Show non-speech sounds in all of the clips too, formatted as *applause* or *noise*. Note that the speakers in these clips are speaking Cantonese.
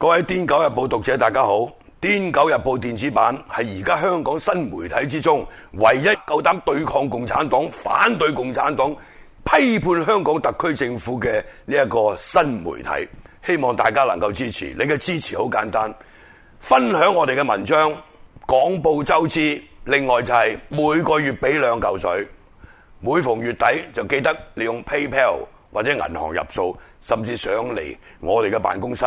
各位《癲狗日報》讀者，大家好，《癲狗日報》電子版係而家香港新媒體之中唯一夠膽對抗共產黨、反對共產黨、批判香港特區政府嘅呢一個新媒體，希望大家能夠支持。你嘅支持好簡單，分享我哋嘅文章廣播周知。另外就係每個月俾兩嚿水，每逢月底就記得你用 PayPal 或者銀行入數，甚至上嚟我哋嘅辦公室。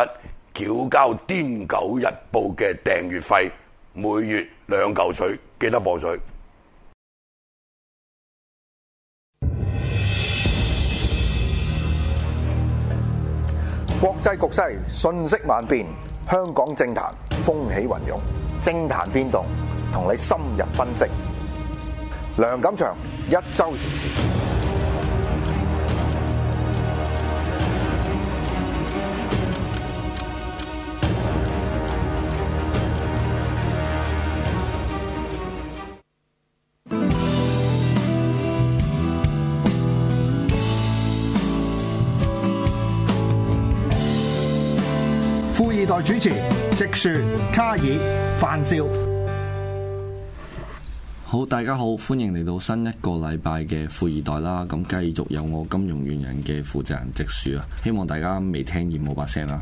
繳交《癲狗日報》嘅訂閱費，每月兩嚿水，記得磅水！國際局勢瞬息萬變，香港政壇風起雲湧，政壇變動，同你深入分析。梁錦祥一周時事。代主持直樹、卡爾、范少。好，大家好，歡迎嚟到新一個禮拜嘅富易袋啦，咁繼續有我金融原人嘅負責人直樹啊，希望大家未聽厭我把聲啊。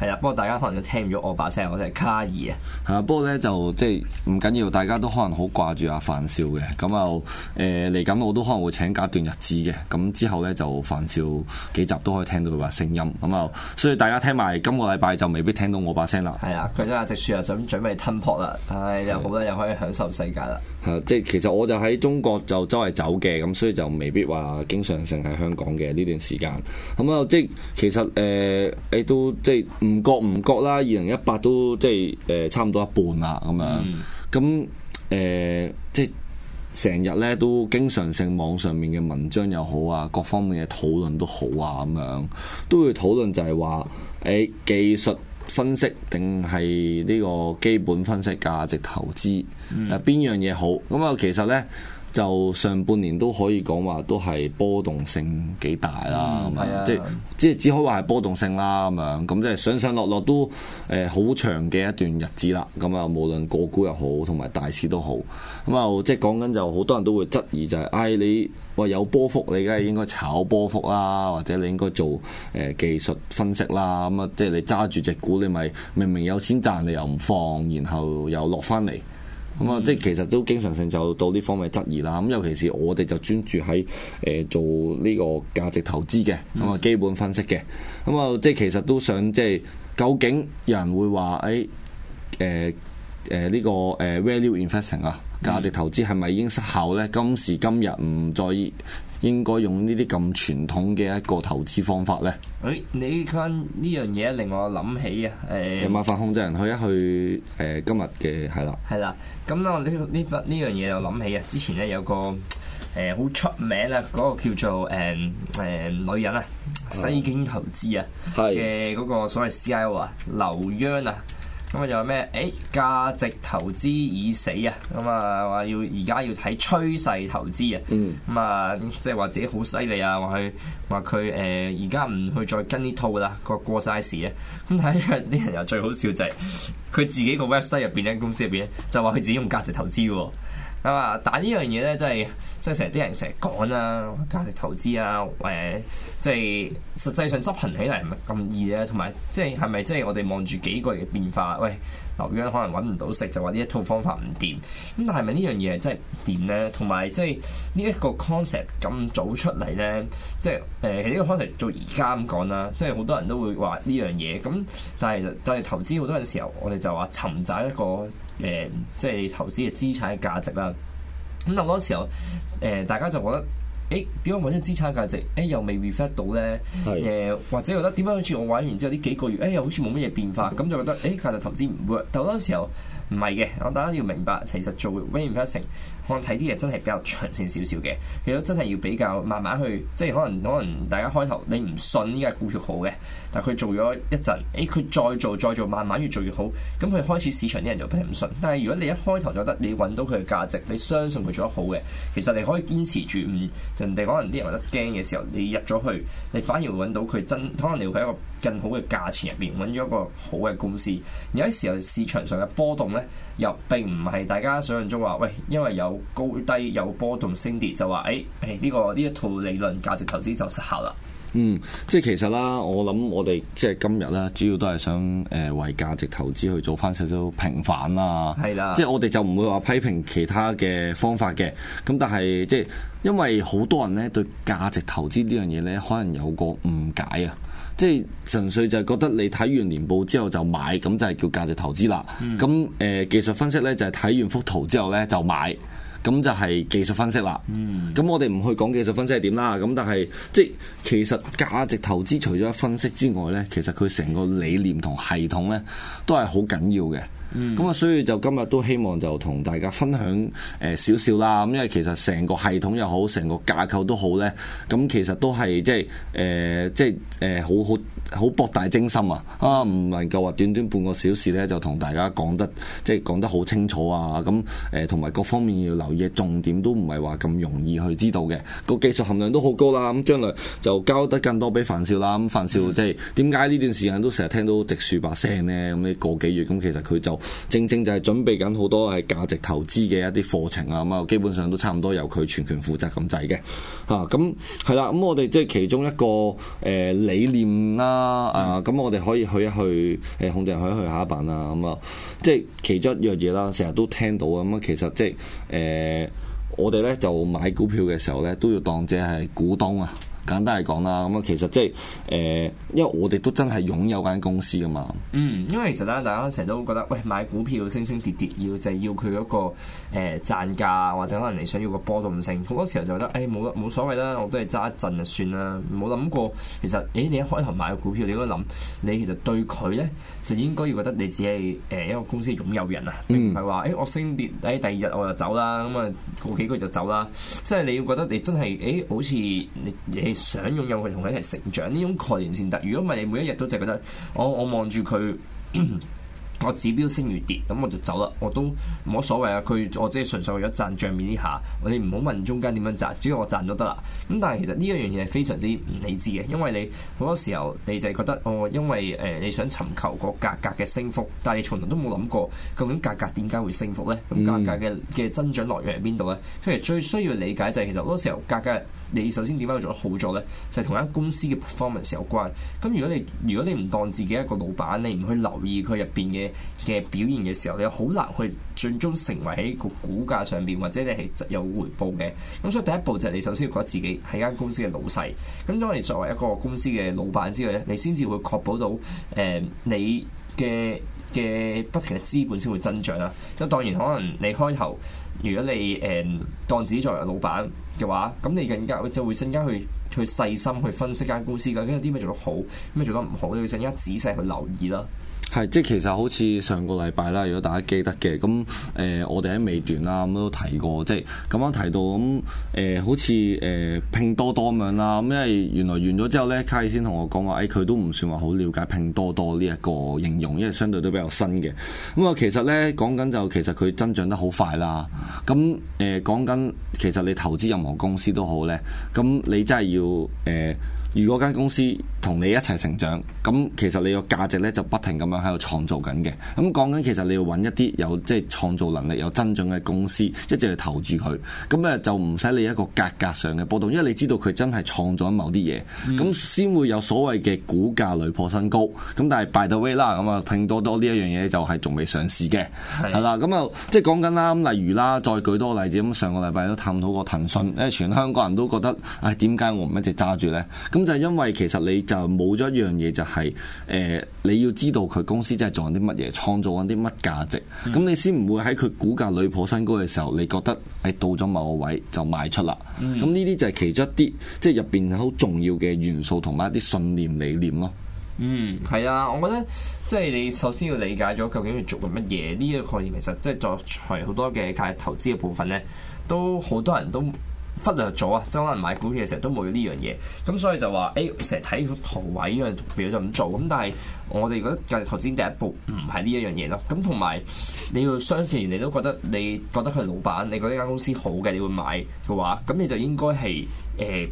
係啦，不過大家可能都聽唔到我把聲，我係卡爾啊。吓，不過咧就即係唔緊要，大家都可能好掛住阿范少嘅，咁又誒嚟緊我都可能會請假一段日子嘅，咁之後咧就范少幾集都可以聽到佢把聲音，咁啊，所以大家聽埋今個禮拜就未必聽到我把聲啦。係啦，佢都阿直樹又準準備吞泡啦，唉、哎，又咁啦，又可以享受世界啦。係，即係其實我就喺中國就周圍走嘅，咁所以就未必話經常性喺香港嘅呢段時間。咁、嗯、啊，即係其實誒，你、呃、都即係。唔覺唔覺啦，二零一八都即係誒差唔多一半啦，咁、嗯、樣，咁、呃、誒即係成日咧都經常性網上面嘅文章又好啊，各方面嘅討論都好啊咁樣，都會討論就係話誒技術分析定係呢個基本分析價值投資啊邊、嗯、樣嘢好，咁啊其實咧。就上半年都可以講話都係波動性幾大啦，咁啊、嗯，嗯、即係即係只可話係波動性啦，咁、嗯、樣咁即係上上落落都誒好長嘅一段日子啦，咁啊，無論個股又好，同埋大市都好，咁啊，即係講緊就好多人都會質疑就係、是，唉、哎，你話有波幅，你梗係應該炒波幅啦，或者你應該做誒、呃、技術分析啦，咁啊，即係你揸住隻股，你咪明明明有錢賺，你又唔放，然後又落翻嚟。咁啊，即係、嗯、其實都經常性就到呢方面質疑啦。咁尤其是我哋就專注喺誒做呢個價值投資嘅，咁啊基本分析嘅。咁、嗯、啊，即係、嗯、其實都想即係，究竟有人會話誒誒、哎呃誒呢、呃這個誒 value investing 啊，價值投資係咪已經失效咧？今時今日唔再應該用呢啲咁傳統嘅一個投資方法咧？誒、哎，你呢樣嘢令我諗起啊！誒有冇辦法控制人去一去誒、呃、今日嘅係啦？係啦，咁啊呢呢呢樣嘢就諗起啊，之前咧有個誒好出名啊，嗰、那個叫做誒誒、呃呃、女人啊，西京投資啊嘅嗰個所謂 CIO 啊，劉央啊。咁啊，又咩？誒、欸，價值投資已死啊！咁啊，話要而家要睇趨勢投資啊！咁、嗯、啊，即係話自己好犀利啊！話佢話佢誒，而家唔去再跟呢套啦，過過曬時咧。咁睇嚟，啲人又最好笑就係佢自己個 website 入邊咧，公司入邊咧，就話佢自己用價值投資喎。咁啊，但係呢樣嘢咧，真係～即係成日啲人成日講啦，價值投資啊，誒，即係實際上執行起嚟唔係咁易啊，同埋即係係咪即係我哋望住幾個月嘅變化？喂，劉墉可能揾唔到食，就話呢一套方法唔掂。咁但係咪呢樣嘢真係掂咧？同埋即係呢一個 concept 咁早出嚟咧，即係誒喺呢個 concept 到而家咁講啦，即係好多人都會話呢樣嘢。咁但係其實但係投資好多嘅時候，我哋就話尋找一個誒，即係投資嘅資產嘅價值啦。咁好多時候誒、呃、大家就覺得，誒點樣揾咗資產價值？誒、欸、又未 reflect 到咧，誒是的、呃、或者覺得點解好似我玩完之後呢幾個月，誒、欸、又好似冇乜嘢變化，咁是的 就覺得誒、欸、價值投資唔 work。但好多時候唔係嘅，我大家要明白，其實做 investing。Invest ing。我睇啲嘢真係比較長線少少嘅，其實真係要比較慢慢去，即係可能可能大家開頭你唔信呢個係股票好嘅，但係佢做咗一陣，誒、欸、佢再做再做，慢慢越做越好，咁佢開始市場啲人就唔信。但係如果你一開頭就得，你揾到佢嘅價值，你相信佢做得好嘅，其實你可以堅持住，唔、嗯、人哋可能啲人覺得驚嘅時候，你入咗去，你反而會揾到佢真，可能你會喺一個。更好嘅價錢入面揾咗一個好嘅公司。有啲時候，市場上嘅波動呢，又並唔係大家想像中話喂，因為有高低有波動升跌，就話誒誒，呢個呢一套理論價值投資就失效啦。嗯，即係其實啦，我諗我哋即係今日咧，主要都係想誒、呃、為價值投資去做翻少少平反啦。係啦的，即係我哋就唔會話批評其他嘅方法嘅。咁但係即係因為好多人呢，對價值投資呢樣嘢呢，可能有個誤解啊。即係純粹就係覺得你睇完年報之後就買，咁就係叫價值投資啦。咁誒、嗯呃、技術分析呢，就係、是、睇完幅圖之後呢就買，咁就係技術分析啦。咁、嗯、我哋唔去講技術分析係點啦。咁但係即係其實價值投資除咗分析之外呢，其實佢成個理念同系統呢，都係好緊要嘅。嗯，咁啊，所以就今日都希望就同大家分享誒少少啦，咁因為其實成個系統又好，成個架構都好咧，咁其實都係即係誒、呃、即係誒、呃、好好好博大精深啊！啊，唔能夠話短短半個小時咧就同大家講得即係講得好清楚啊，咁誒同埋各方面要留意嘅重點都唔係話咁容易去知道嘅，個技術含量都好高啦。咁、嗯、將來就交得更多俾范少啦。咁、嗯、范少即係點解呢段時間都成日聽到直樹把聲咧？咁你個幾月咁其實佢就。正正就係準備緊好多係價值投資嘅一啲課程啊，咁啊，基本上都差唔多由佢全權負責咁滯嘅吓，咁係啦，咁我哋即係其中一個誒、呃、理念啦，嗯、啊，咁我哋可以去一去，誒，控制人可以，去下一版啊，咁、嗯、啊，即係其中一樣嘢啦，成日都聽到啊。咁、嗯、啊，其實即係誒、呃，我哋咧就買股票嘅時候咧，都要當自己係股東啊。簡單嚟講啦，咁啊其實即係誒，因為我哋都真係擁有間公司噶嘛。嗯，因為其實咧，大家成日都覺得，喂買股票升升跌跌，要就係要佢嗰、那個誒、呃、賺價，或者可能你想要個波動性。好多時候就覺得，誒冇冇所謂啦，我都係揸一陣就算啦，冇諗過。其實，誒你一開頭買個股票，你都諗，你其實對佢咧。就應該要覺得你只係誒一個公司擁有人啊，並唔係話誒我升跌誒第二日我就走啦，咁啊過幾個月就走啦。即係你要覺得你真係誒、欸，好似你你係想擁有佢同佢一齊成長呢種概念先得。如果唔係，你每一日都淨係覺得我我望住佢。 *coughs* 我指標升越跌，咁我就走啦，我都冇乜所謂啊。佢我只係純粹為咗賺帳面呢下，你唔好問中間點樣賺，只要我賺都得啦。咁但係其實呢一樣嘢係非常之唔理智嘅，因為你好多時候你就係覺得哦，因為誒、呃、你想尋求個價格嘅升幅，但係你從來都冇諗過究竟價格點解會升幅咧？咁價格嘅嘅增長來源喺邊度咧？所以最需要理解就係、是、其實好多時候價格，格。你首先點解佢做得好咗呢？就係、是、同一間公司嘅 performance 有關。咁如果你如果你唔當自己一個老闆，你唔去留意佢入邊嘅嘅表現嘅時候，你好難去最終成為喺個股價上邊，或者你係有回報嘅。咁所以第一步就係你首先要覺得自己係間公司嘅老細。咁當你作為一個公司嘅老闆之外咧，你先至會確保到誒、嗯、你嘅嘅不停嘅資本先會增長啦。咁當然可能你開頭如果你誒、嗯、當自己作為老闆嘅話，咁你更加就會瞬間去去細心去分析間公司究竟有啲咩做得好，咩做得唔好，你會瞬間仔細去留意啦。係，即係其實好似上個禮拜啦，如果大家記得嘅，咁誒、呃、我哋喺美團啦咁都提過，即係咁樣提到咁誒、嗯呃，好似誒、呃、拼多多咁啦，咁因為原來完咗之後咧，卡爾先同我講話，誒、哎、佢都唔算話好了解拼多多呢一個應用，因為相對都比較新嘅。咁、嗯、啊，其實咧講緊就其實佢增長得好快啦。咁誒、呃、講緊其實你投資任何公司都好咧，咁你真係要誒。呃如果間公司同你一齊成長，咁其實你個價值呢就不停咁樣喺度創造緊嘅。咁講緊其實你要揾一啲有即係創造能力、有增長嘅公司，一直去投注佢，咁咧就唔使你一個價格上嘅波動，因為你知道佢真係創造某啲嘢，咁先、嗯、會有所謂嘅股價累破新高。咁但係 by the way 啦，咁啊拼多多呢一樣嘢就係仲未上市嘅，係啦的，咁啊即係講緊啦，例如啦，再舉多例子，咁上個禮拜都探討過騰訊，誒，全香港人都覺得，唉，點解我唔一直揸住呢？」咁就因為其實你就冇咗一樣嘢，就是，就係誒你要知道佢公司真係做緊啲乜嘢，創造緊啲乜價值，咁，嗯、你先唔會喺佢股價屢破新高嘅時候，你覺得誒到咗某個位就賣出啦。咁呢啲就係其中一啲即係入邊好重要嘅元素同埋一啲信念理念咯。嗯，係啊，我覺得即係你首先要理解咗究竟佢做緊乜嘢呢一個概念，其實即係作為好多嘅價值投資嘅部分咧，都好多人都。忽略咗啊，即可能買股票嘅時候都冇呢樣嘢，咁所以就話誒，成日睇幅圖位呢樣表就咁做，咁但係我哋覺得，就係頭先第一步唔係呢一樣嘢咯。咁同埋你要相信，你都覺得你覺得佢係老闆，你覺得呢間公司好嘅，你會買嘅話，咁你就應該係誒。呃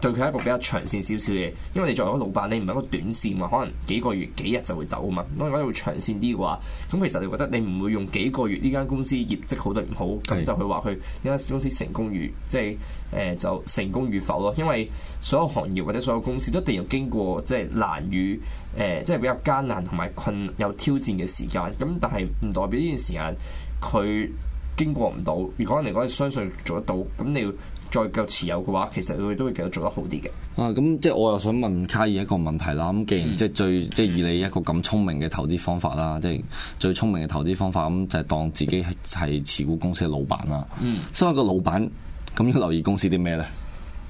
對佢係一個比較長線少少嘅，因為你作為一個老闆，你唔係一個短線嘛，可能幾個月幾日就會走啊嘛。我哋講到長線啲嘅話，咁其實你覺得你唔會用幾個月呢間公司業績好定唔好，咁就去話佢呢間公司成功與即係誒、呃、就成功與否咯。因為所有行業或者所有公司都一定要經過即係難與誒，即係、呃、比較艱難同埋困有挑戰嘅時間。咁但係唔代表呢段時間佢經過唔到。如果你哋講相信做得到，咁你要，再夠持有嘅話，其實佢哋都會繼續做得好啲嘅。啊，咁即係我又想問卡爾一個問題啦。咁既然即係最、嗯、即係以你一個咁聰明嘅投資方法啦，即係最聰明嘅投資方法，咁、嗯、就係當自己係持股公司嘅老闆啦。嗯，所以個老闆，咁要留意公司啲咩咧？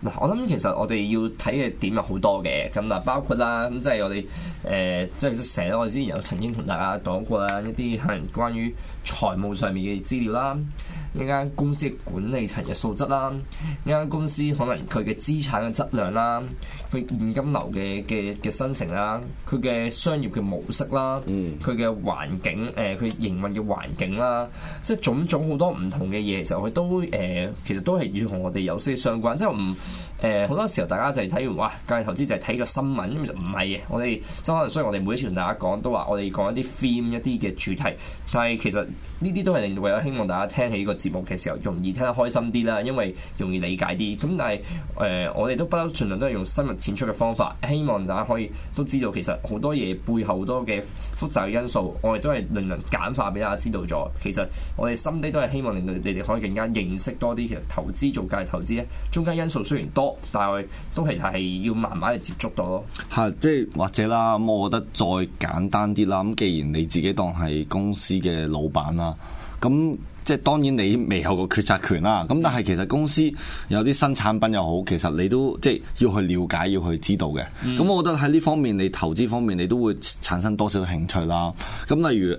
嗱，我諗其實我哋要睇嘅點有好多嘅，咁嗱包括啦，咁即係我哋誒，即係寫我哋、呃、之前有曾經同大家講過啦，一啲可能關於財務上面嘅資料啦，呢間公司嘅管理層嘅素質啦，呢間公司可能佢嘅資產嘅質量啦，佢現金流嘅嘅嘅生成啦，佢嘅商業嘅模式啦，佢嘅環境誒，佢、呃、營運嘅環境啦，即係種種好多唔同嘅嘢，其實佢都誒、呃，其實都係要同我哋有些相關，即係唔。誒好多時候，大家就係睇完，哇！價值投資就係睇個新聞，咁就唔係嘅。我哋即可能，雖然我哋每一次同大家講都話，我哋講一啲 theme 一啲嘅主題。但係其實呢啲都係為咗希望大家聽起呢個節目嘅時候，容易聽得開心啲啦，因為容易理解啲。咁但係誒、呃，我哋都不嬲，盡量都係用深入淺出嘅方法，希望大家可以都知道其實好多嘢背後多嘅複雜嘅因素，我哋都係令人簡化俾大家知道咗。其實我哋心底都係希望令到你哋可以更加認識多啲。其實投資做價值投資咧，中間因素雖然多。但係都其實係要慢慢去接觸到咯，係即係或者啦，咁我覺得再簡單啲啦。咁既然你自己當係公司嘅老闆啦，咁。即係當然你未有個決策權啦，咁但係其實公司有啲新產品又好，其實你都即係要去了解，要去知道嘅。咁、嗯、我覺得喺呢方面，你投資方面你都會產生多少興趣啦。咁例如誒誒、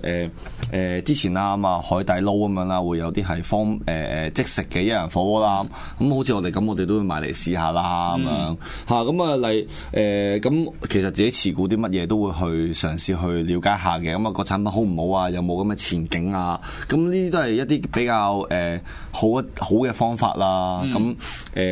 呃呃、之前啦嘛、嗯、海底撈咁樣啦，會有啲係方誒即食嘅一人火鍋啦。咁好似我哋咁，我哋都會買嚟試下啦咁、嗯、樣嚇。咁啊嚟誒咁其實自己持股啲乜嘢都會去嘗試去了解下嘅。咁、嗯、啊、個產品好唔好啊？有冇咁嘅前景啊？咁呢啲都係一啲。比較誒好一好嘅方法啦，咁誒、嗯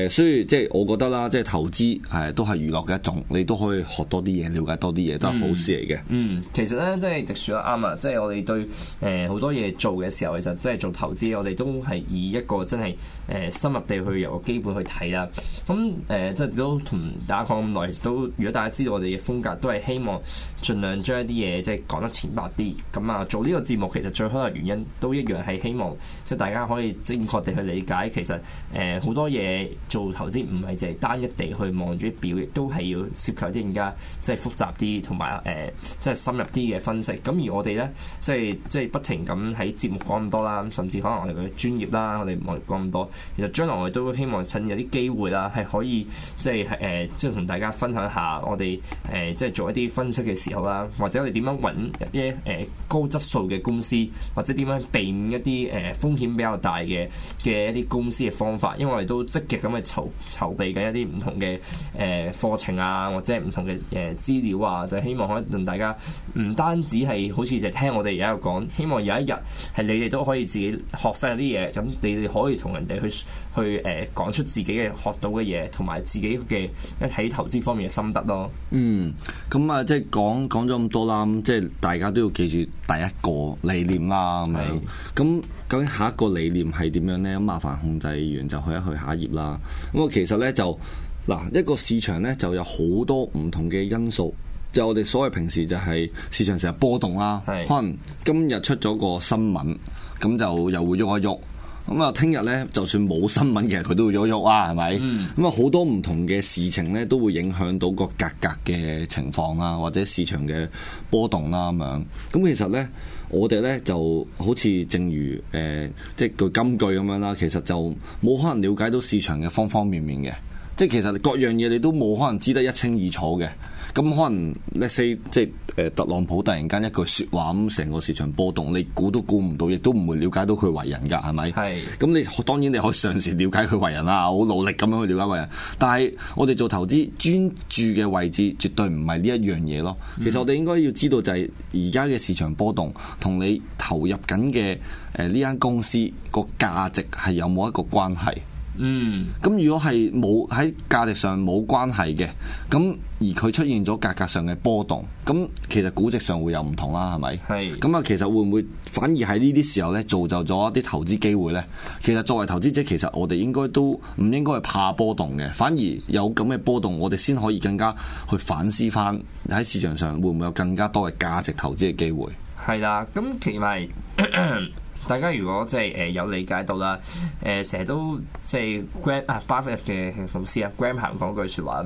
呃，所以即係我覺得啦，即係投資係、呃、都係娛樂嘅一種，你都可以學多啲嘢，了解多啲嘢都係好事嚟嘅、嗯。嗯，其實咧即係直樹講得啱啊，即係我哋對誒好、呃、多嘢做嘅時候，其實即係做投資，我哋都係以一個真係誒、呃、深入地去由個基本去睇啦。咁誒、呃，即係都同大家講咁耐，都如果大家知道我哋嘅風格，都係希望盡量將一啲嘢即係講得淺白啲。咁啊，做呢個節目其實最可能原因都一樣係希望。即係大家可以正確地去理解，其實誒好、呃、多嘢做投資唔係淨係單一地去望住啲表，亦都係要涉及一啲更加即係複雜啲同埋誒即係深入啲嘅分析。咁而我哋咧，即係即係不停咁喺節目講咁多啦，甚至可能我哋嘅專業啦，我哋唔好講咁多。其實將來我哋都希望趁有啲機會啦，係可以即係誒、呃、即係同大家分享下我哋誒、呃、即係做一啲分析嘅時候啦，或者我哋點樣揾一啲誒、呃、高質素嘅公司，或者點樣避免一啲誒、呃誒，風險比較大嘅嘅一啲公司嘅方法，因為我哋都積極咁去籌籌備緊一啲唔同嘅誒課程啊，或者係唔同嘅誒資料啊，就是，希望可以同大家唔單止係好似就聽我哋而家度講，希望有一日係你哋都可以自己學晒啲嘢，咁你哋可以同人哋去去誒講出自己嘅學到嘅嘢，同埋自己嘅喺投資方面嘅心得咯。嗯、咁、嗯、啊、嗯，即係講講咗咁多啦，即係大家都要記住第一個理念啦，係咪是？咁。究竟下一個理念係點樣呢？咁麻煩控制員就去一去下一頁啦。咁啊，其實呢，就嗱，一個市場呢，就有好多唔同嘅因素。就我哋所謂平時就係市場成日波動啦，是可能今日出咗個新聞，咁就又會喐一喐。咁啊，聽日咧，就算冇新聞，其實佢都會喐喐啊，係咪？咁啊，好多唔同嘅事情咧，都會影響到個價格嘅情況啊，或者市場嘅波動啦咁樣。咁其實呢，我哋呢就好似正如誒，即係個金句咁樣啦，其實就冇可能了解到市場嘅方方面面嘅，即係其實各樣嘢你都冇可能知得一清二楚嘅。咁可能 let's say 即係誒特朗普突然間一句説話咁，成個市場波動，你估都估唔到，亦都唔會了解到佢為人㗎，係咪？係是。咁你當然你可以嘗試了解佢為人啦，好努力咁樣去了解為人。但係我哋做投資，專注嘅位置絕對唔係呢一樣嘢咯。嗯、其實我哋應該要知道就係而家嘅市場波動同你投入緊嘅誒呢間公司個價值係有冇一個關係？嗯，咁如果係冇喺價值上冇關係嘅，咁而佢出現咗價格上嘅波動，咁其實估值上會有唔同啦，係咪？係是。咁啊，其實會唔會反而喺呢啲時候呢，造就咗一啲投資機會呢？其實作為投資者，其實我哋應該都唔應該係怕波動嘅，反而有咁嘅波動，我哋先可以更加去反思翻喺市場上會唔會有更加多嘅價值投資嘅機會。係啦，咁其實。 *coughs* 大家如果即係誒有理解到啦，誒成日都即係 Graham 啊，巴菲特嘅老師啊 Graham 行講句説話，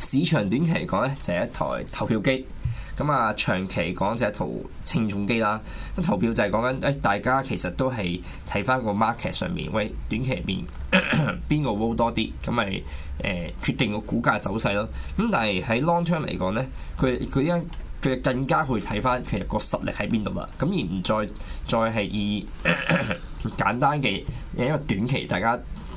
市場短期嚟講咧就係、是、一台投票機，咁啊長期講就係一台稱重機啦。咁投票就係講緊誒大家其實都係睇返個 market 上面，喂短期入面邊 *coughs* 個 vote 多啲，咁咪誒決定個股價走勢咯。咁但係喺 long term 嚟講咧，佢佢因。佢更加去睇翻其實個實力喺邊度啦，咁而唔再再係以咳咳簡單嘅一個短期，大家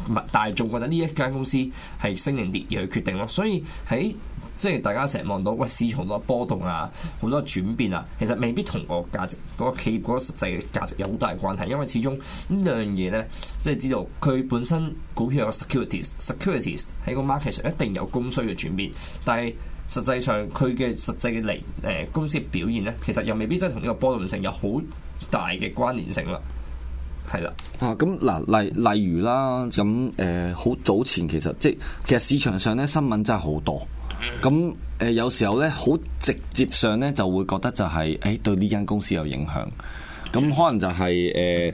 唔大眾覺得呢一間公司係升定跌而去決定咯。所以喺即係大家成日望到喂市場多波動啊，好多轉變啊，其實未必同個價值、嗰、嗰個企業、嗰個實際嘅價值有好大嘅關係，因為始終呢樣嘢咧，即係知道佢本身股票有 securities securities 喺個 market 上一定有供需嘅轉變，但係。實際上佢嘅實際嘅嚟誒公司嘅表現咧，其實又未必真係同呢個波動性有好大嘅關聯性啦，係啦。啊，咁嗱例例如啦，咁誒好早前其實即係其實市場上咧，新聞真係好多，咁誒、呃、有時候咧，好直接上咧就會覺得就係、是、誒對呢間公司有影響。咁可能就係誒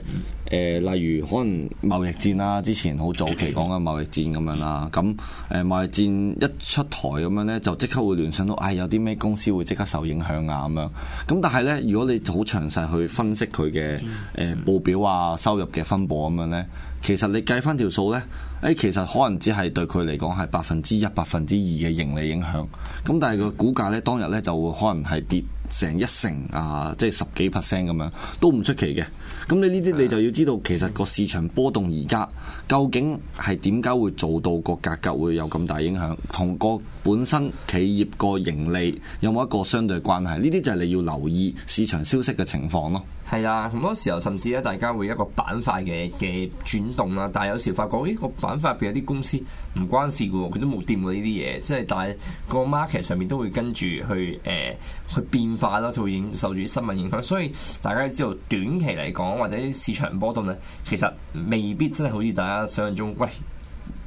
誒，例如可能貿易戰啦，之前好早期講嘅貿易戰咁樣啦。咁誒貿易戰一出台咁樣呢，就即刻會聯想到，唉、哎，有啲咩公司會即刻受影響啊咁樣。咁但係呢，如果你好詳細去分析佢嘅誒報表啊、收入嘅分佈咁樣呢，其實你計翻條數呢，誒、哎、其實可能只係對佢嚟講係百分之一、百分之二嘅盈利影響。咁但係佢個股價呢，當日呢就會可能係跌。成一成啊，即係十幾 percent 咁樣，都唔出奇嘅。咁你呢啲你就要知道，其實個市場波動而家究竟係點解會做到個價格會有咁大影響，同個本身企業個盈利有冇一個相對關係？呢啲就係你要留意市場消息嘅情況咯。係啊，好多時候甚至咧，大家會一個板塊嘅嘅轉動啦。但係有時發覺，咦，個板塊入邊有啲公司唔關事嘅喎，佢都冇掂過呢啲嘢。即係但係個 market 上面都會跟住去誒、呃、去變化啦，就會影受住新聞影響。所以大家知道短期嚟講或者市場波動咧，其實未必真係好似大家想像中喂。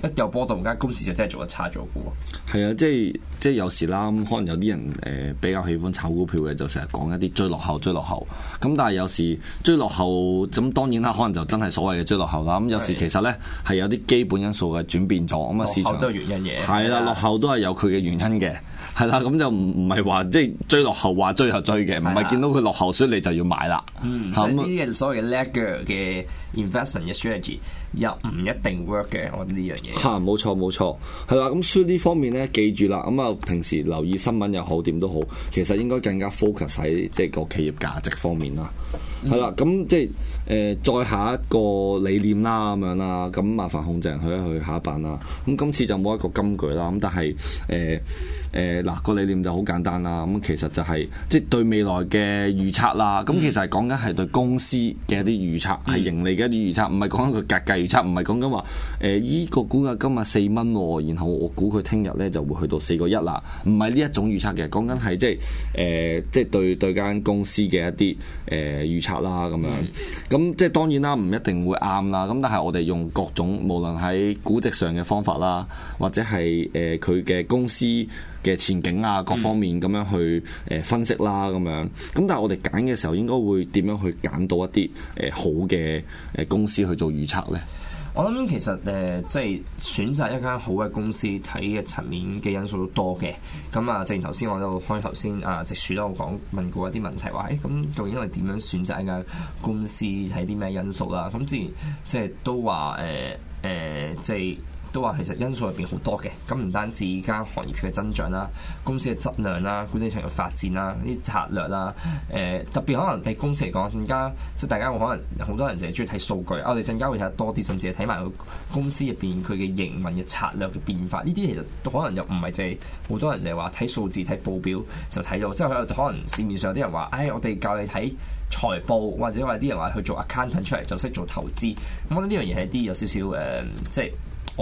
一有波動，間股市就真係做得差咗嘅喎。係啊，即係即係有時啦，咁可能有啲人誒比較喜歡炒股票嘅，就成日講一啲追落後，追落後。咁但係有時追落後，咁當然啦，可能就真係所謂嘅追落後啦。咁有時其實咧係有啲基本因素嘅轉變咗，咁啊市場都係原因嘅。係啦，落後都係有佢嘅原因嘅。係啦，咁就唔唔係話即係追落後話追就追嘅，唔係見到佢落後所以你就要買啦。咁呢啲所謂叻嘅嘅 investment 嘅 strategy 又唔一定 work 嘅，我呢樣嘢。吓，冇錯冇錯，係啦。咁輸呢方面呢，記住啦。咁啊，平時留意新聞又好，點都好，其實應該更加 focus 喺即係、就、個、是、企業價值方面啦。係啦、嗯，咁即係。誒再下一個理念啦，咁樣啦，咁麻煩控制人去一去下一版啦。咁今次就冇一個金句啦，咁但係誒誒嗱個理念就好簡單啦。咁其實就係、是、即係對未來嘅預測啦。咁其實係講緊係對公司嘅一啲預測，係、嗯、盈利嘅一啲預測，唔係講緊佢格價預測，唔係講緊話誒依個股價今日四蚊，然後我估佢聽日咧就會去到四個一啦。唔係呢一種預測嘅，講緊係即係誒、呃、即係對對間公司嘅一啲誒、呃、預測啦，咁樣咁。嗯嗯。咁即係當然啦，唔一定會啱啦。咁但係我哋用各種，無論喺估值上嘅方法啦，或者係誒佢嘅公司嘅前景啊，各方面咁樣去誒分析啦，咁樣。咁但係我哋揀嘅時候，應該會點樣去揀到一啲誒、呃、好嘅誒公司去做預測呢？我諗其實誒、呃，即係選擇一間好嘅公司睇嘅層面嘅因素都多嘅。咁、嗯、啊，正如頭先我咧，開頭先啊直樹咧，我講問過一啲問題，話誒，咁、欸、究竟係點樣選擇一間公司睇啲咩因素啦？咁自然即係都話誒誒，即係。呃呃即都話其實因素入邊好多嘅，咁唔單止依家行業嘅增長啦，公司嘅質量啦，管理層嘅發展啦，啲策略啦，誒、呃、特別可能對公司嚟講更加，即係大家可能好多人淨係中意睇數據。啊、我哋陣間會睇得多啲，甚至係睇埋個公司入邊佢嘅營運嘅策略嘅變化。呢啲其實可能又唔係淨係好多人就係話睇數字睇報表就睇到，即係喺可能市面上有啲人話，誒、哎、我哋教你睇財報，或者話啲人話去做 accountant 出嚟就識做投資。咁我覺得呢樣嘢係啲有少少誒、呃，即係。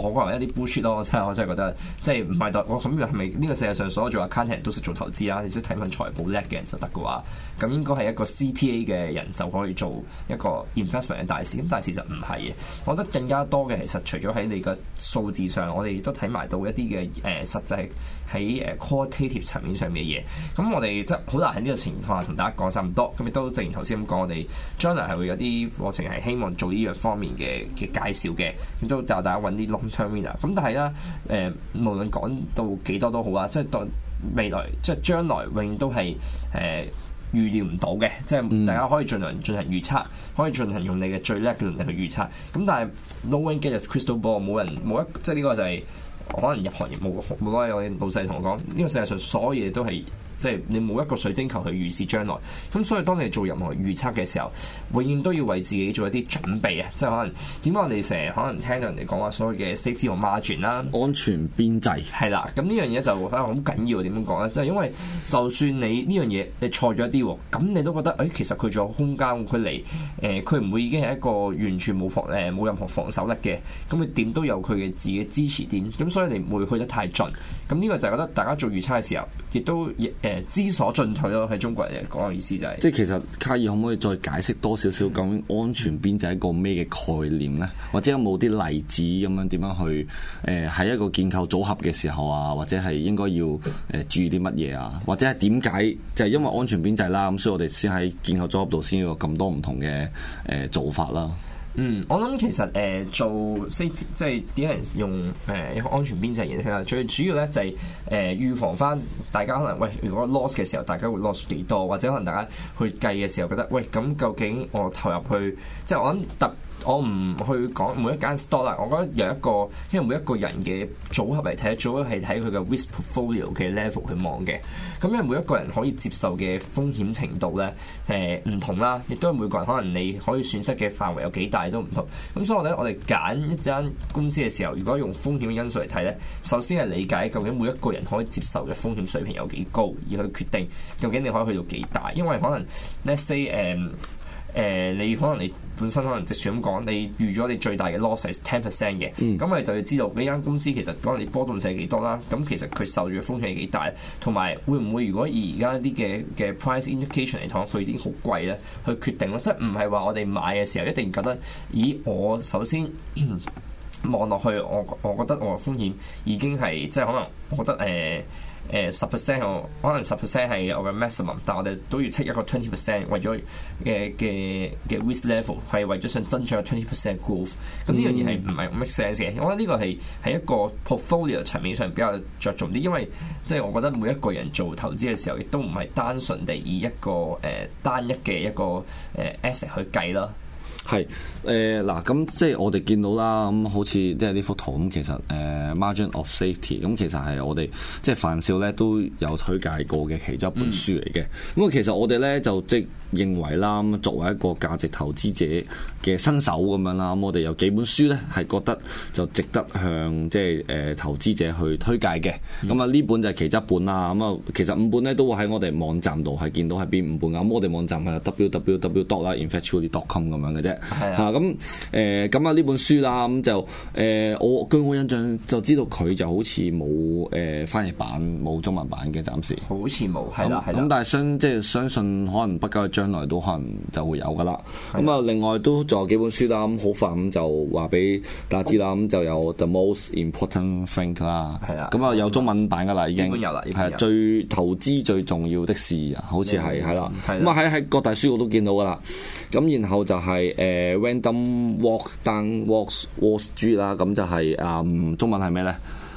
我覺得一啲 bullshit 咯，真係我真係覺得，即係唔係我諗咁樣係咪呢個世界上所有做 accountant 都識做投資啦、啊？你識睇份財報叻嘅人就得嘅話，咁應該係一個 CPA 嘅人就可以做一個 investment 嘅大事。咁但係其實唔係嘅，我覺得更加多嘅其實除咗喺你嘅數字上，我哋都睇埋到一啲嘅誒實際喺誒 qualitative 層面上面嘅嘢。咁我哋即係好難喺呢個情況下同大家講曬咁多。咁亦都正如頭先咁講，我哋將來係會有啲課程係希望做呢樣方面嘅嘅介紹嘅，咁都教大家揾啲咁但係咧，誒、呃、無論講到幾多都好啊，即係當未來即係將來永遠都係誒、呃、預料唔到嘅，即係大家可以盡量進行預測，可以盡量用你嘅最叻嘅能力去預測。咁但係 no one gets crystal ball，冇人，冇一即係呢個就係可能入行冇冇多嘅老細同我講，呢個世界上所有嘢都係。即係你冇一個水晶球去預示將來，咁所以當你做任何預測嘅時候，永遠都要為自己做一啲準備啊！即係可能點解我哋成日可能聽到人哋講話所謂嘅 safety 和 margin 啦，安全邊際係啦。咁呢樣嘢就反而好緊要，點樣講呢？即係因為就算你呢樣嘢你錯咗一啲，咁你都覺得誒、哎，其實佢仲有空間距離，誒佢唔會已經係一個完全冇防誒冇任何防守力嘅，咁佢點都有佢嘅自己支持點，咁所以你唔會去得太盡。咁呢個就係覺得大家做預測嘅時候。亦都亦知所進退咯，喺中國嘅講嘅意思就係、是，即係其實卡爾可唔可以再解釋多少少咁安全邊就係一個咩嘅概念呢？或者有冇啲例子咁樣點樣去誒喺、呃、一個建構組合嘅時候啊，或者係應該要誒注意啲乜嘢啊？或者係點解就係、是、因為安全邊就係啦，咁所以我哋先喺建構組合度先要咁多唔同嘅誒、呃、做法啦。嗯，我諗其實誒、呃、做 safety，即係點解用誒一個安全邊際形式啦，最主要咧就係、是、誒、呃、預防翻大家可能喂，如果 loss 嘅時候，大家會 loss 幾多，或者可能大家去計嘅時候覺得喂，咁究竟我投入去即係我諗突。我唔去講每一間 store 啦，我覺得有一個，因為每一個人嘅組合嚟睇，最好係睇佢嘅 risk portfolio 嘅 level 去望嘅。咁因為每一個人可以接受嘅風險程度咧，誒唔同啦，亦都係每個人可能你可以損失嘅範圍有幾大都唔同。咁所以我咧，我哋揀一間公司嘅時候，如果用風險嘅因素嚟睇咧，首先係理解究竟每一個人可以接受嘅風險水平有幾高，而去決定究竟你可以去到幾大。因為可能 let's say 誒。誒、呃，你可能你本身可能直線咁講，你預咗你最大嘅 loss 係 ten percent 嘅，咁咪、嗯、就要知道呢間公司其實可能你波動性係幾多啦，咁其實佢受住嘅風險係幾大，同埋會唔會如果以而家啲嘅嘅 price indication 嚟講，佢已經好貴咧，去決定咯，即係唔係話我哋買嘅時候一定覺得，咦，我首先望落去，我我覺得我嘅風險已經係即係可能，我覺得誒。呃誒十 percent 我可能十 percent 係我嘅 maximum，但我哋都要 take 一個 twenty percent，為咗嘅嘅嘅 risk level 係為咗想增長 twenty percent growth。咁呢樣嘢係唔係 make sense 嘅？我覺得呢個係喺一個 portfolio 層面上比較着重啲，因為即係、就是、我覺得每一個人做投資嘅時候，亦都唔係單純地以一個誒、呃、單一嘅一個誒 asset 去計啦。係，誒嗱，咁、呃、即係我哋見到啦，咁好似即係呢幅圖咁，其實誒、呃、Margin of Safety，咁其實係我哋即係凡少咧都有推介過嘅其中一本書嚟嘅。咁啊、嗯，其實我哋咧就即認為啦，咁作為一個價值投資者嘅新手咁樣啦，咁我哋有幾本書咧，係覺得就值得向即係誒投資者去推介嘅。咁啊，呢本就係其中一本啦。咁啊，其實五本咧都會喺我哋網站度係見到係邊五本呀。咁我哋網站係 www.dot.investure.com 咁樣嘅啫。係啊。咁誒，咁啊，呢本書啦咁、嗯、就誒我、呃、據我印象就知道佢就好似冇誒翻譯版冇中文版嘅暫時，好似冇係啦，係。咁但係相即係相信可能不久。將來都可能就會有噶啦，咁啊的另外都仲有幾本書啦，咁好快咁就話俾大家知啦，咁、oh, 就有 The Most Important Thing 啦，係啊的，咁啊有中文版噶啦已經，係啊，最投資最重要的事啊，好似係係啦，咁啊喺喺各大書我都見到噶啦，咁然後就係、是、誒、uh, Random Walk Down Wall walk Street 啦，咁就係、是、誒、um, 中文係咩咧？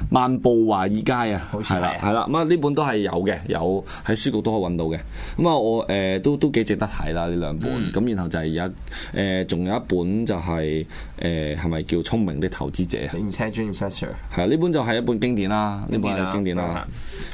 漫步華爾街啊，好，係啦係啦，咁啊呢本都係有嘅，有喺書局都可以揾到嘅，咁啊我誒、呃、都都幾值得睇啦呢兩本，咁、嗯、然後就係而家誒，仲、呃、有一本就係、是。誒係咪叫聰明的投資者啊 Intelligent Investor 啊，呢本就係一本經典啦，呢本就經典啦。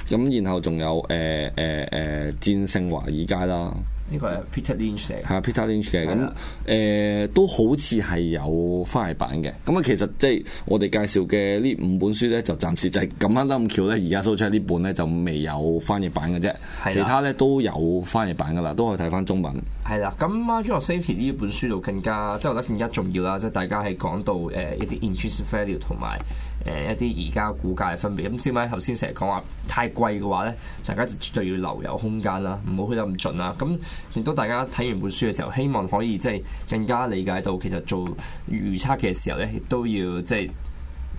咁行然後仲有誒誒誒《戰、呃、勝、呃呃、華爾街》啦，呢個係 Peter Lynch 嘅、啊。Peter Lynch 嘅咁誒，都好似係有翻譯版嘅。咁啊的，嗯、其實即係、就是、我哋介紹嘅呢五本書咧，就暫時就係咁啱得咁巧咧，而家 show 出呢本咧就未有翻譯版嘅啫，的的其他咧都有翻譯版噶啦，都可以睇翻中文。係啦，咁 Margin Safety 呢本書度更加，即係我覺得更加重要啦。即係大家係講到誒一啲 intrinsic value 同埋誒一啲而家股價嘅分別。咁小米頭先成日講話太貴嘅話咧，大家就絕對要留有空間啦，唔好去得咁盡啦。咁亦都大家睇完本書嘅時候，希望可以即係更加理解到其實做預測嘅時候咧，都要即係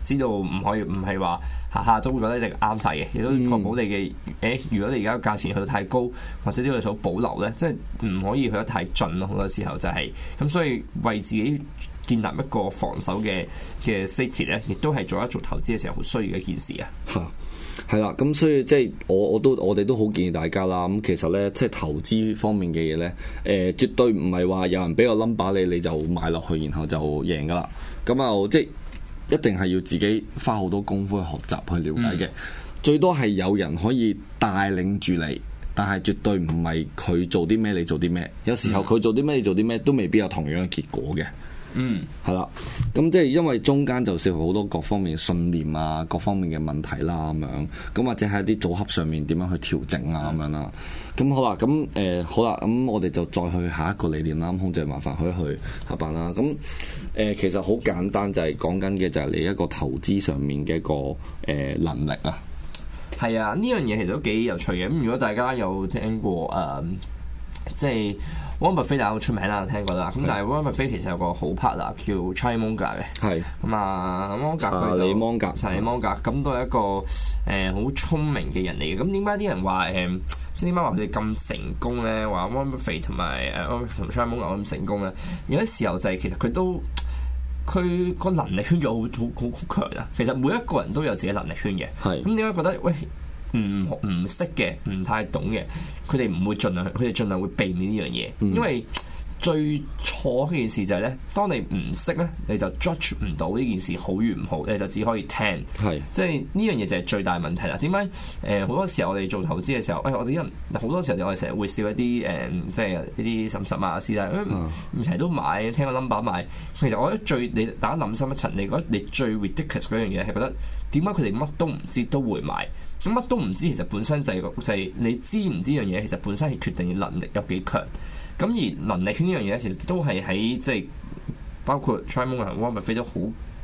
知道唔可以唔係話。下下都咁咧，一定啱晒嘅，亦都確保你嘅。誒、嗯欸，如果你而家個價錢去到太高，或者呢個數保留咧，即係唔可以去得太盡咯。好多時候就係、是、咁，所以為自己建立一個防守嘅嘅 safety 咧，亦都係做一做投資嘅時候好需要嘅一件事啊。係啦、嗯，啦，咁所以即係我我都我哋都好建議大家啦。咁其實咧，即係投資方面嘅嘢咧，誒、呃，絕對唔係話有人俾個 number 你你就買落去，然後就贏噶啦。咁啊，即係。一定係要自己花好多功夫去學習去了解嘅，嗯、最多係有人可以帶領住你，但係絕對唔係佢做啲咩你做啲咩，有時候佢做啲咩你做啲咩都未必有同樣嘅結果嘅。嗯，係啦，咁即係因為中間就是好多各方面嘅信念啊，各方面嘅問題啦，咁樣，咁或者係一啲組合上面點樣去調整啊，咁樣啦，咁好啦，咁誒好啦，咁我哋就再去下一個理念啦，控制麻煩可以去下吧啦，咁誒其實好簡單就係講緊嘅就係你一個投資上面嘅一個誒能力啊，係啊，呢樣嘢其實都幾有趣嘅，咁如果大家有聽過誒，即係。Warren Buffett 好出名啦，聽過啦。咁是但係 Warren Buffett 其實有個好 partner, a, 是啊，叫 Charlie Munger 嘅。係。咁啊，蒙格佢就查理蒙格，就查理蒙格咁是都一個誒好、呃、聰明嘅人嚟嘅。咁點解啲人話即點解話佢哋咁成功咧？話 Warren Buffett 同埋誒同 Charlie Munger 咁成功咧？有啲時候就係其實佢都佢個能力圈仲好好好強啊。其實每一個人都有自己能力圈嘅。係是。咁點解覺得？會？唔唔識嘅，唔太懂嘅，佢哋唔會盡量佢哋盡量會避免呢樣嘢，因為最錯一件事就係咧，當你唔識咧，你就 judge 唔到呢件事好與唔好，你就只可以聽係即係呢樣嘢就係最大問題啦。點解誒好多時候我哋做投資嘅時候，誒我哋因為好多時候我哋成日會笑一啲誒，即係呢啲審實啊、師大，唔成日都買聽個 number 買。其實我覺得最你大家諗深一層，你覺得你最 ridiculous 嗰樣嘢係覺得點解佢哋乜都唔知都會買？乜都唔知，其實本身就係、是、就係、是、你知唔知樣嘢，其實本身係決定你能力有幾強。咁而能力圈呢樣嘢，其實都係喺即係包括 Trymon d Warmup 飛得好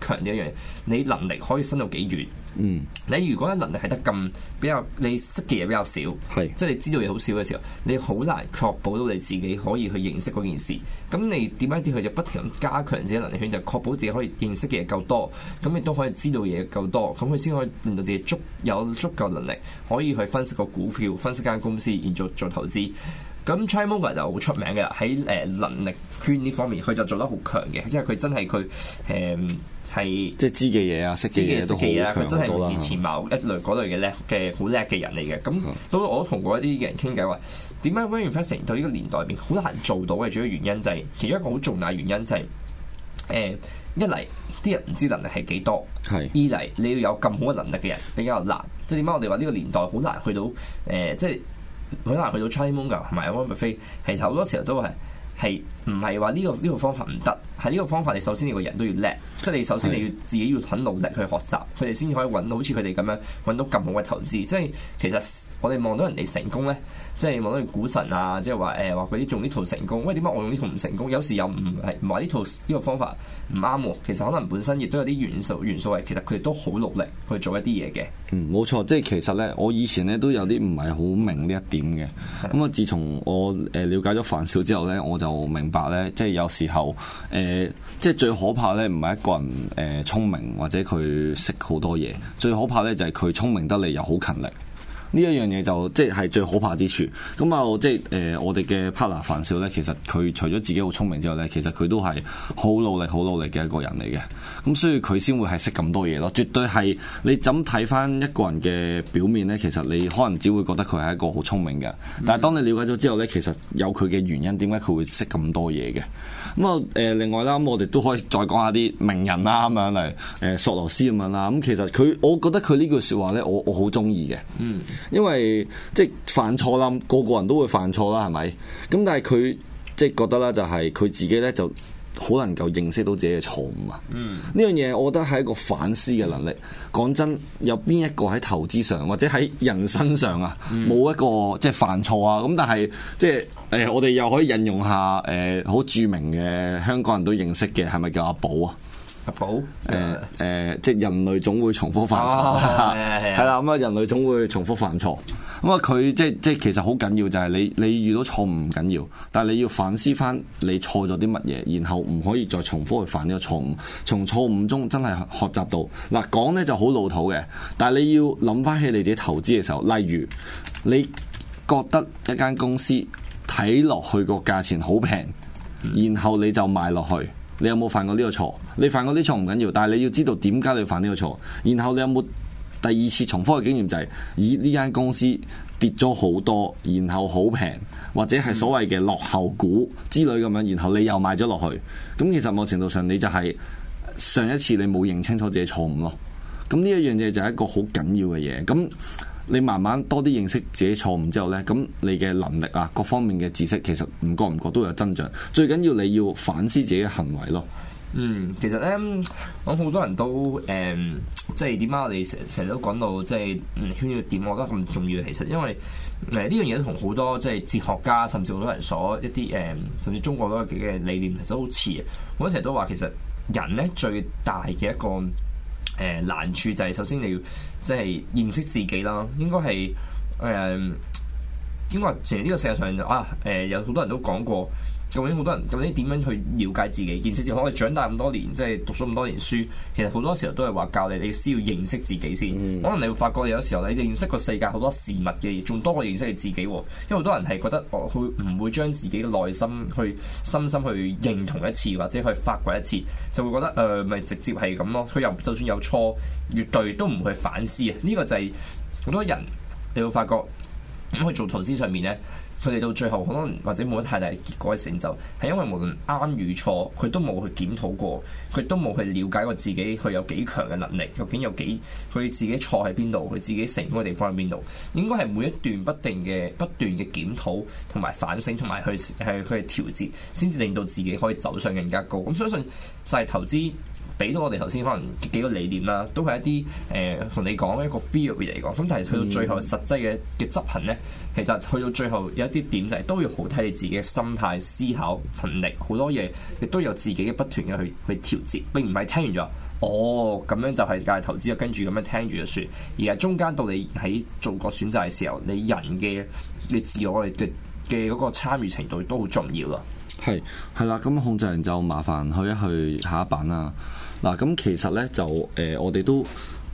強呢一樣嘢，你能力可以伸到幾遠？嗯，你如果能力係得咁比較，你識嘅嘢比較少，係是即係你知道嘢好少嘅時候，你好難確保到你自己可以去認識嗰件事。咁你點解啲佢就不停咁加強自己能力圈，就確保自己可以認識嘅嘢夠多，咁亦都可以知道嘢夠多，咁佢先可以令到自己足有足夠能力可以去分析個股票、分析間公司，然做做投資。咁 Charlie Munger 就好出名嘅喺誒能力圈呢方面，佢就做得好強嘅，因為佢真係佢誒。嗯。係是即係知嘅嘢啊，識嘅嘢、啊、都好強啦。佢真係歷年前茅一類嗰、嗯、類嘅叻嘅好叻嘅人嚟嘅。咁都我同嗰一啲嘅人傾偈話，點解 Wayne o n 到呢個年代變好難做到嘅主要原因、就是，就係其中一個好重大原因就係、是、誒、呃、一嚟啲人唔知能力係幾多，係是二嚟你要有咁好嘅能力嘅人比較難。即係點解我哋話呢個年代好難去到誒、呃，即係好難去到 c h a m o n 噶同埋 Wayne 馳成其實好多時候都係。係唔係話呢個呢個方法唔得？係呢個方法，你首先你個人都要叻，即係你首先你要自己要很努力去學習，佢哋先至可以揾到好似佢哋咁樣揾到咁好嘅投資。即係其實我哋望到人哋成功咧。即係望到啲股神啊，即係話誒話佢哋做呢套成功，喂點解我用呢套唔成功？有時又唔係唔係呢套呢個方法唔啱喎。其實可能本身亦都有啲元素元素係，其實佢哋都好努力去做一啲嘢嘅。嗯，冇錯，即係其實咧，我以前咧都有啲唔係好明呢一點嘅。咁啊的、嗯，自從我誒瞭解咗凡少之後咧，我就明白咧，即係有時候誒、呃，即係最可怕咧，唔係一個人誒、呃、聰明或者佢識好多嘢，最可怕咧就係佢聰明得嚟又好勤力。呢一樣嘢就即係最可怕之處。咁啊，即係誒我哋嘅 partner 范少呢，其實佢除咗自己好聰明之後呢，其實佢都係好努力、好努力嘅一個人嚟嘅。咁所以佢先會係識咁多嘢咯。絕對係你怎睇翻一個人嘅表面呢？其實你可能只會覺得佢係一個好聰明嘅。但係當你了解咗之後呢，其實有佢嘅原因，點解佢會識咁多嘢嘅？咁啊，誒另外啦，咁我哋都可以再講下啲名人啦，咁樣嚟誒索羅斯咁樣啦。咁其實佢，我覺得佢呢句説話咧，我我好中意嘅。嗯，因為即係犯錯啦，個個人都會犯錯啦，係咪？咁但係佢即係覺得咧，就係佢自己咧就。好能夠認識到自己嘅錯誤啊！呢、嗯、樣嘢，我覺得係一個反思嘅能力。講真，有邊一個喺投資上或者喺人生上啊，冇一個、嗯、即係犯錯啊？咁但係即係誒、呃，我哋又可以引用下誒好、呃、著名嘅香港人都認識嘅，係咪叫阿寶啊？誒誒、呃呃，即係人類總會重複犯錯，係啦、哦。咁啊， *laughs* 人類總會重複犯錯。咁啊，佢即係即係，其實好緊要就，就係你你遇到錯誤唔緊要，但係你要反思翻，你錯咗啲乜嘢，然後唔可以再重複去犯呢個錯誤。從錯誤中真係學習到。嗱，講咧就好老土嘅，但係你要諗翻起你自己投資嘅時候，例如你覺得一間公司睇落去個價錢好平，嗯、然後你就買落去。你有冇犯過呢個錯？你犯過呢個錯唔緊要，但係你要知道點解你犯呢個錯。然後你有冇第二次重複嘅經驗，就是，就係咦呢間公司跌咗好多，然後好平，或者係所謂嘅落後股之類咁樣，然後你又買咗落去。咁其實某程度上你就係上一次你冇認清楚自己錯誤咯。咁呢一樣嘢就係一個好緊要嘅嘢。咁你慢慢多啲認識自己錯誤之後咧，咁你嘅能力啊，各方面嘅知識其實唔覺唔覺都有增長。最緊要你要反思自己嘅行為咯。嗯，其實咧，我好多人都誒、嗯，即係點解我哋成成日都講到即係唔需要點，我覺得咁重要。其實因為誒呢樣嘢都同好多即係哲學家，甚至好多人所一啲誒、嗯，甚至中國嗰幾嘅理念其實都好似啊。我成日都話，其實人咧最大嘅一個誒、嗯、難處就係首先你要。即係認識自己啦，應該係誒點講？其實呢個世界上啊，誒、呃、有好多人都講過。究竟好多人，究竟點樣去了解自己？件事只可能長大咁多年，即係讀咗咁多年書，其實好多時候都係話教你，你要先要認識自己先。可能你會發覺，有時候你認識個世界好多事物嘅嘢，仲多過認識你自己。因為好多人係覺得，佢唔會將自己嘅內心去深深去認同一次，或者去發掘一次，就會覺得誒，咪、呃、直接係咁咯。佢又就算有錯，越對都唔去反思啊！呢、這個就係好多人，你會發覺咁去做投資上面呢。佢哋到最後可能或者冇得太大結果嘅成就是，係因為無論啱與錯，佢都冇去檢討過，佢都冇去了解過自己佢有幾強嘅能力，究竟有幾，佢自己錯喺邊度，佢自己成功嘅地方喺邊度？應該係每一段不定嘅不斷嘅檢討同埋反省同埋去去去，去調節，先至令到自己可以走上更加高。咁相信就係投資。俾到我哋頭先可能幾個理念啦，都係一啲誒同你講一個 feel 嚟講。咁但係去到最後實際嘅嘅執行咧，其實去到最後有一啲點就係都要好睇你自己嘅心態、思考、勤力好多嘢，亦都有自己嘅不斷嘅去去調節，並唔係聽完咗哦，咁樣就係介入投資啊，跟住咁樣聽住就説，而係中間到你喺做個選擇嘅時候，你人嘅你自我嘅嘅嗰個參與程度都好重要啊！係係啦，咁控制人就麻煩去一去下一版啦。嗱、啊，咁其實呢，就誒、呃，我哋都。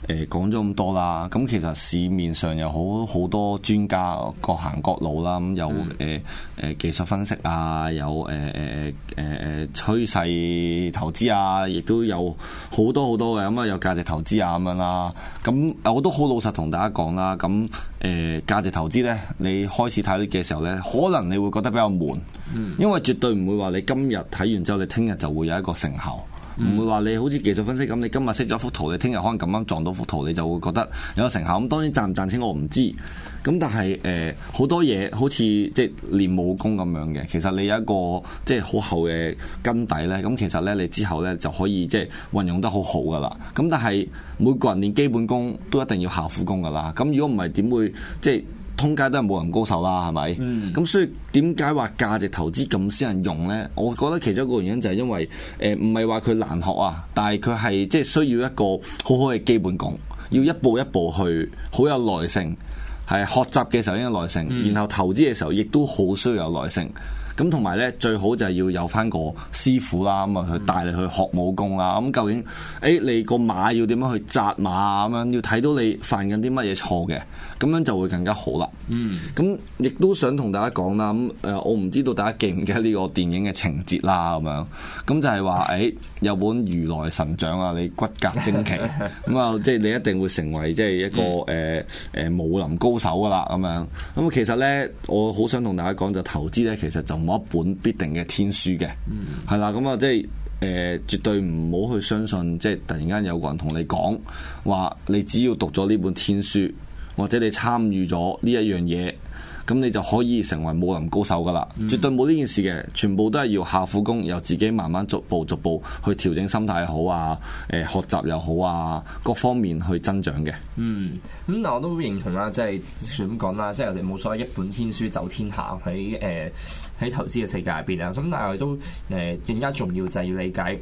誒，講咗咁多啦，咁其實市面上有好好多專家各行各路啦，咁有誒誒技術分析啊，有誒誒誒誒趨勢投資啊，亦都有好多好多嘅，咁啊有價值投資啊咁樣啦。咁我都好老實同大家講啦，咁誒價值投資呢，你開始睇嘅時候呢，可能你會覺得比較悶，因為絕對唔會話你今日睇完之後，你聽日就會有一個成效。唔會話你好似技術分析咁，你今日識咗一幅圖，你聽日可能咁啱撞到幅圖，你就會覺得有個成效。咁當然賺唔賺錢我唔知，咁但係誒、呃、好多嘢好似即係練武功咁樣嘅，其實你有一個即係好厚嘅根底咧，咁其實咧你之後咧就可以即係運用得好好噶啦。咁但係每個人練基本功都一定要下苦功噶啦。咁如果唔係點會即係？通街都係冇人高手啦，係咪？咁、嗯、所以點解話價值投資咁少人用呢？我覺得其中一個原因就係因為誒唔係話佢難學啊，但係佢係即係需要一個好好嘅基本功，要一步一步去，好有耐性。係學習嘅時候應該有耐性，然後投資嘅時候亦都好需要有耐性。嗯嗯。咁同埋咧，最好就係要有翻個師傅啦，咁啊去帶你去學武功啦。咁、嗯、究竟，誒、欸、你個馬要點樣去扎馬啊？咁、嗯、樣要睇到你犯緊啲乜嘢錯嘅，咁樣就會更加好啦、嗯嗯。嗯。咁亦都想同大家講啦，咁誒我唔知道大家記唔記得呢個電影嘅情節啦，咁、嗯、樣，咁、嗯、就係話誒有本如來神掌啊，你骨骼精奇，咁啊、 *laughs* 嗯嗯、即係你一定會成為即係一個誒誒、呃呃呃、武林高手噶啦，咁樣。咁、嗯嗯、其實咧，我好想同大家講就投資咧，其實就。我一本必定嘅天書嘅，係啦、嗯，咁啊，即係誒，絕對唔好去相信，即係突然間有個人同你講話，你只要讀咗呢本天書，或者你參與咗呢一樣嘢，咁你就可以成為武林高手噶啦，嗯、絕對冇呢件事嘅。全部都係要下苦功，由自己慢慢逐步逐步去調整心態好啊，誒、呃，學習又好啊，各方面去增長嘅。嗯，咁嗱，我都認同啊，即係算咁講啦，即係我哋冇所謂一本天書走天下喺誒。喺投資嘅世界入邊啊，咁但係都誒、呃、更加重要就係要理解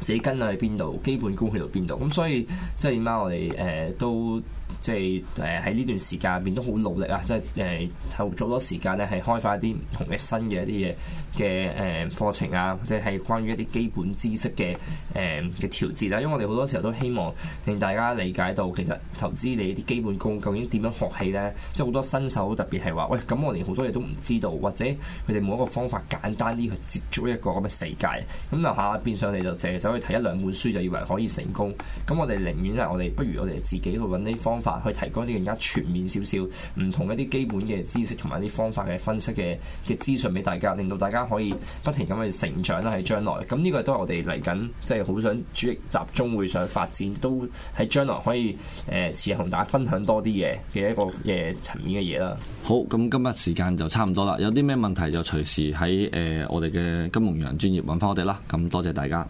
自己跟落去邊度，基本功去到邊度，咁、嗯、所以即係點講？我哋誒都。即係誒喺呢段時間入邊都好努力啊！即係誒投好多時間咧，係開發一啲唔同嘅新嘅一啲嘢嘅誒課程啊，或者係關於一啲基本知識嘅誒嘅調節啦。因為我哋好多時候都希望令大家理解到，其實投資你啲基本功究竟點樣學起咧？即係好多新手特別係話：喂，咁我連好多嘢都唔知道，或者佢哋冇一個方法簡單啲去接觸一個咁嘅世界。咁嗱下變相你就成日走去睇一兩本書，就以為可以成功。咁我哋寧願咧，我哋不如我哋自己去揾呢方。去提供啲更加全面少少唔同一啲基本嘅知識同埋啲方法嘅分析嘅嘅資訊俾大家，令到大家可以不停咁去成長啦喺將來。咁呢個都係我哋嚟緊，即係好想主力集中會想發展，都喺將來可以誒，誒、呃，試同大家分享多啲嘢嘅一個嘅層、呃、面嘅嘢啦。好，咁今日時間就差唔多啦，有啲咩問題就隨時喺誒、呃、我哋嘅金融人專業揾翻我哋啦。咁多謝大家。